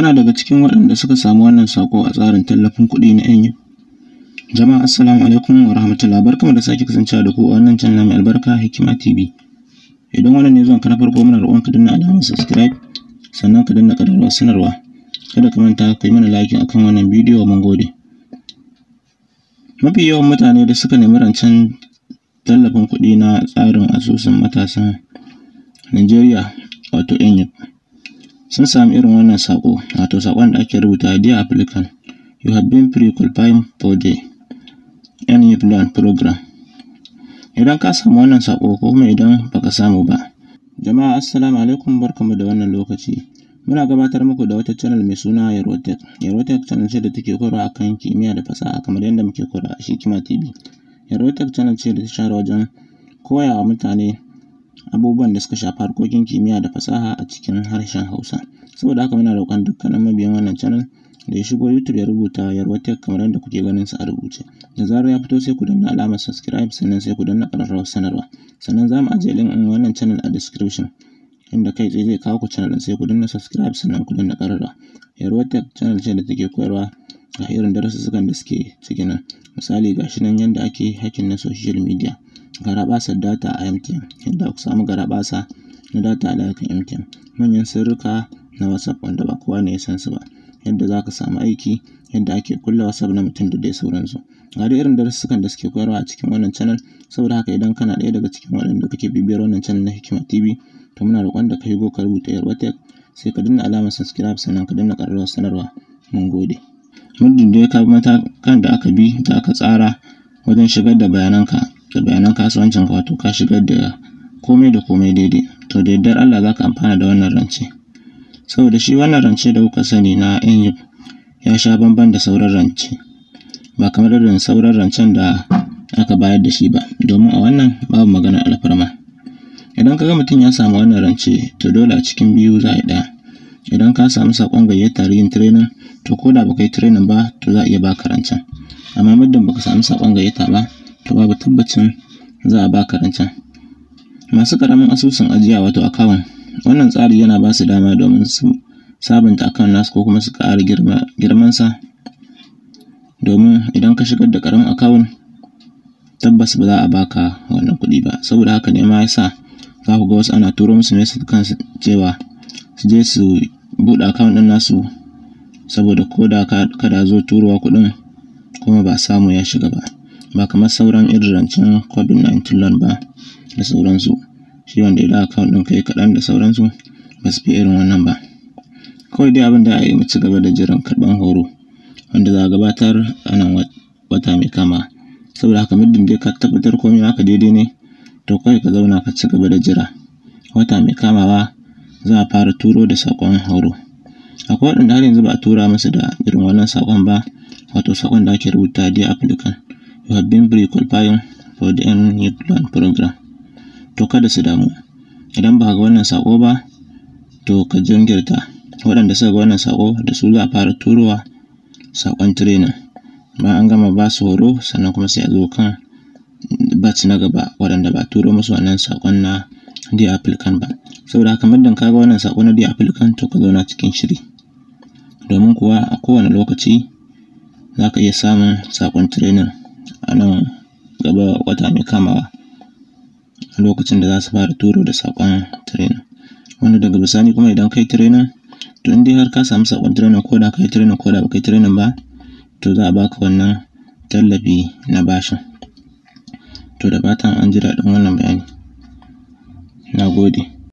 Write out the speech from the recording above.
Kana daga cikin waɗanda suka samu wannan saƙo a tsarin tallafin kuɗi na NU. Jama'a assalamu alaikum wa rahmatullah da sake kasancewa da ku a wannan channel mai albarka Hikima TV. Idan wannan ne zuwan ka na farko muna roƙon ka danna alamar subscribe sannan ka danna ƙararrawar sanarwa. Kada ka manta ka yi mana like akan wannan bidiyo mun gode. Mafi yawan mutane da suka nemi rancen tallafin kuɗi na tsarin asusun matasan Najeriya wato NU sun sami irin wannan saƙo wato saƙon da ake rubuta dear applicant you have been pre-qualifying for the NEP loan program idan ka samu wannan saƙo ko kuma idan baka samu ba jama'a assalamu alaikum barkamu da wannan lokaci muna gabatar muku da wata channel mai suna Yarwatech Yarwatech channel ce da take koyarwa akan kimiyya da fasaha kamar yadda muke koyarwa a Shikima TV Yarwatech channel ce da ta share wajen koya wa mutane abubuwan da suka shafi harkokin kimiyya da fasaha a cikin harshen Hausa. Saboda haka muna roƙon dukkanin mabiyan wannan channel da ya shigo YouTube ya rubuta Yarwatek kamar yadda kuke ganin su a rubuce. Da zarar ya fito sai ku danna alamar subscribe sannan sai ku danna ƙararrawar sanarwa. Sannan za mu ajiye link ɗin wannan channel a description. Inda kai tsaye zai kawo ku channel ɗin sai ku danna subscribe sannan ku danna ƙararrawa. Yarwatek channel ce da take koyarwa ga irin darussukan da suke cikin nan. Misali ga shi nan yadda ake hacking na social media. garabasar data a MTN Yadda ku samu garaɓasa na data a layukan MTN, manyan sirruka na WhatsApp wanda ba kowa ne ya san su ba, yadda za ka samu aiki, yadda ake kulle WhatsApp na mutum da dai sauransu. Ga dai irin darussukan da suke koyarwa a cikin wannan channel, saboda haka idan kana ɗaya daga cikin waɗanda kake bibiyar wannan channel na Hikima TV, to muna roƙon da ka yi go ka rubuta yarwatek sai ka danna alamar subscribe sannan ka danna ƙararrawar sanarwa. Mun gode. Muddin dai ka bi matakan da aka bi da aka tsara wajen shigar da bayananka. da bayanan kasuwancin ka wato ka shigar da komai da komai daidai to da yardar Allah za ka amfana da wannan rance saboda shi wannan rance da kuka sani na NU ya sha bamban da sauran rance ba kamar irin sauran rancen da aka bayar da shi ba domin a wannan babu maganar alfarma idan ka ga mutum ya samu wannan rance to dole a cikin biyu za a yi ɗaya idan ka samu saƙon gayyatar yin tirenin, to ko da baka yi training ba to za a iya baka rancen amma muddin baka samu saƙon gayyata ba to babu tabbacin za a baka rancen masu ƙaramin asusun ajiya wato akawun wannan tsari yana ba su dama domin su sabunta akawun nasu ko kuma su ƙara girman sa domin idan ka shigar da ƙaramin akawun tabbas ba za a baka wannan kuɗi ba saboda haka ne ma ya sa za ku ga wasu ana turo musu message kansu cewa su je su buɗe akawun ɗin nasu saboda ko da kada zo turowa kuɗin kuma ba samu ya shiga ba ba kamar sauran irin rancen COVID-19 loan ba da sauransu shi wanda idan account ɗin kai kaɗan da sauransu ba su fi irin wannan ba kawai dai abin da a yi mu ci gaba da jiran karɓan horo wanda za a gabatar a nan wata mai kama saboda haka muddin dai ka tabbatar komai haka daidai ne to kawai ka zauna ka ci gaba da jira wata mai kamawa za a fara turo da saƙon horo akwai waɗanda har yanzu ba a tura musu da irin wannan saƙon ba wato saƙon da ake rubuta dear applicant you have been pre-qualifying for the new plan program to kada su damu idan ba ga wannan sako ba to ka jingirta waɗanda suka ga wannan sako da su za fara turowa sakon training bayan an gama ba su horo sannan kuma sai a zo kan batch na gaba waɗanda ba turo musu wannan sakon na the applicant ba saboda haka muddin ka ga wannan sako na the applicant to ka zauna cikin shiri domin kuwa a kowane lokaci za ka iya samun sakon training a nan gaba wata mai kamawa a lokacin da za su fara turo da saƙon training wanda daga bisani kuma idan kai trainer to in dai har ka samu saƙon trainer ko da kai training ko da ba kai trainer ba to za a baka wannan tallafi na bashin to da fatan an ji daɗin wannan bayani na gode